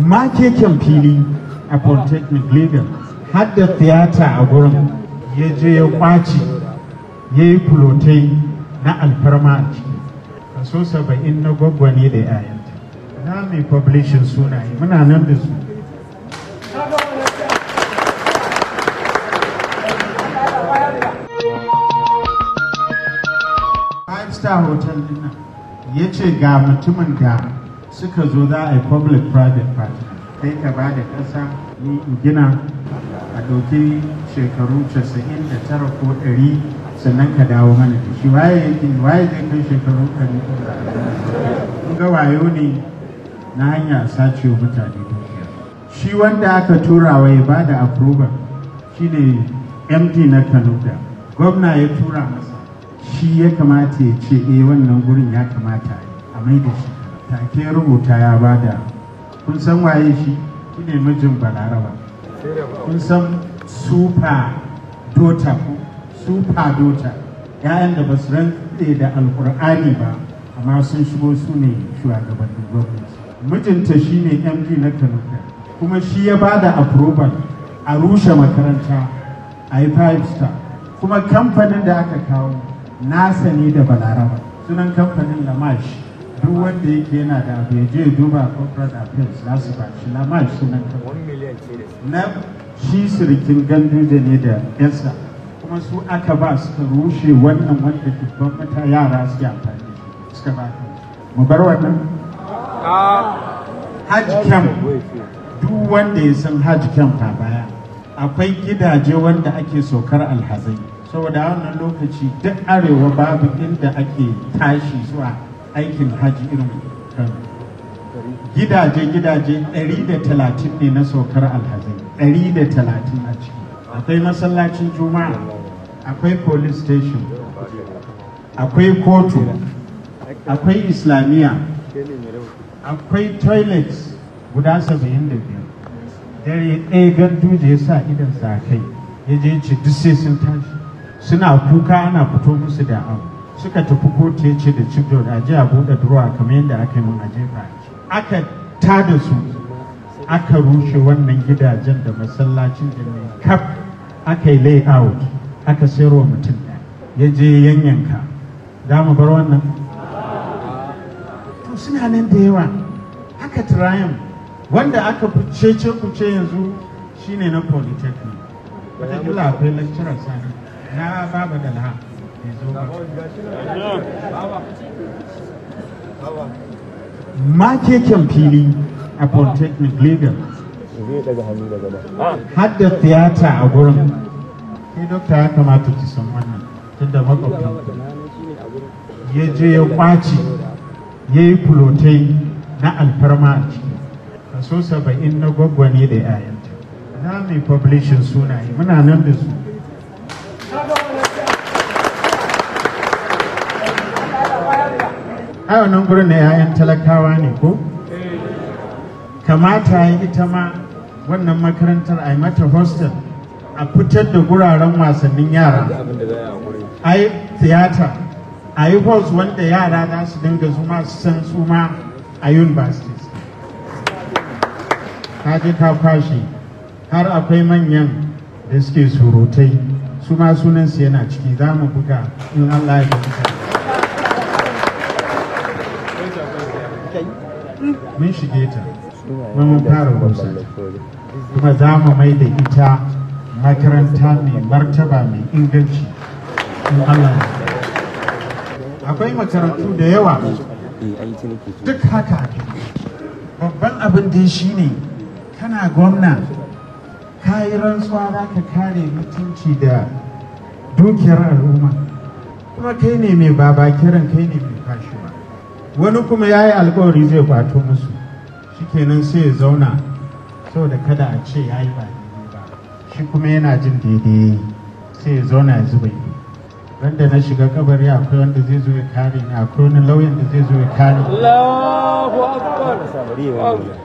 makeken fili a polytechnic legal har da theater a gurin ya je ya kwaci ya yi kulotai na alfarma a ciki kaso saba'in na ne da yayanta na mai publishin sunaye muna nan da su five star hotel dinnan ya ce ga mutumin da suka zo za a yi public private party sai ka ba da ƙasa ni gina a ɗauki shekaru 99 ko 100 sannan ka dawo mana da shi waye waye zai kai shekaru 100 ga wayo ne na hanya sace mutane dukiya shi wanda aka tura wa ya ba da approval ne md na kanuda gwamna ya tura masa shi ya kamata ya ce eh wannan gurin ya kamata a mai da shi take rubuta ya bada kun san waye shi ne mijin balaraba kun san super dota ku super dota ya'yan da ba su rantse da alkur'ani ba amma sun shigo su ne shugabannin gwamnati mijinta shine md na kano kuma shi ya bada approval a rushe makaranta a yi five star kuma kamfanin da aka kawo nasa ne da balaraba sunan kamfanin lamash duk wanda yake yana da abu ya je duba corporate affairs za su ba shi lama sunan na shi sirikin da ne da yansa kuma su aka ba suka rushe wannan wanda dubban mata yara suke amfani suka ba mu bar wannan ah. hajj camp duk wanda ya san hajj camp a baya akwai gidaje wanda ake saukar alhazai saboda wannan lokaci duk arewa babu inda ake tashi zuwa aikin haji irin gidaje-gidaje 130 ne na saukar alhazai 130 a ciki akwai masallacin juma'a akwai police station akwai kotu akwai islamiyya akwai toilets guda 75 dare ɗaya da ya sa idan sa kai ya je ci duk sai sun tashi suna kuka ana fito musu da abu suka tafi kotu ya ce da chief judge a je a buɗe kamar yadda aka yi mun a jefa aka da su aka rushe wannan gidajen da masallacin da mai kaf aka yi layout aka sayarwa mutum ya je yanyanka za mu bar wannan to suna nan da yawa haka tirayen wanda aka cece kuce yanzu shine na polytechnic wata akwai lecturer sani na baba dalha makeken fili a polytechnic legal har da tiyata a gurin sai dokta ya kamata ki san wannan tunda ya je ya kwace ya yi kulotai na alfarma a ciki kaso saba'in na gwaggwane da 'ya'yanta za mu yi sunaye muna nan da su ai wannan gurin na yayan talakawa ne ko kamata ya ita ma wannan makarantar a mata hostel a fitar da guraren wasannin yara a yi tiyata a yi halls wanda yara za su dinga zuma su san su ma a universities ta je ta kwashe har akwai manyan da suke surutai su ma sunansu yana ciki za mu buga in allah ya mun shige ta mun fara rusa kuma za mu mai da ita makaranta mai martaba mai inganci in Allah akwai makarantu da yawa duk haka babban abin da shi ne kana gwamna kayi rantsuwa za ka kare mutunci da dukiyar al'umma kuma kai ne mai baba kiran kai ne mai fashewa wani kuma ya yi alkawari zai kwato musu shikenan sai ya zauna saboda kada a ce ya yi ba daidai ba shi kuma yana jin daidai sai ya zauna ya zuba yi wanda na shiga kabari akwai wanda zai zo ya kare ni akwai wani lauyan da zai zo ya kare ni